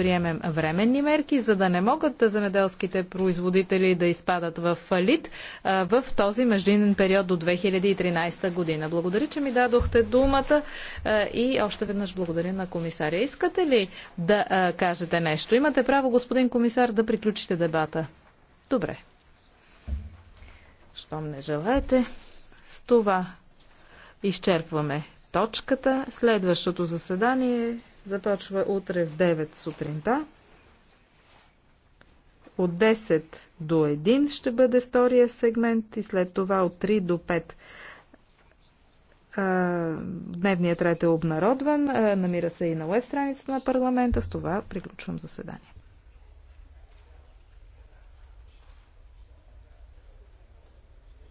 предприемем временни мерки, за да не могат земеделските производители да изпадат в фалит в този междинен период до 2013 година. Благодаря, че ми дадохте думата и още веднъж благодаря на комисаря. Искате ли да кажете нещо? Имате право, господин комисар, да приключите дебата. Добре. Щом не желаете, с това изчерпваме точката. Следващото заседание започва утре в 9 сутринта. От 10 до 1 ще бъде втория сегмент и след това от 3 до 5. Дневният ред е обнародван, намира се и на уеб страницата на парламента. С това приключвам заседанието.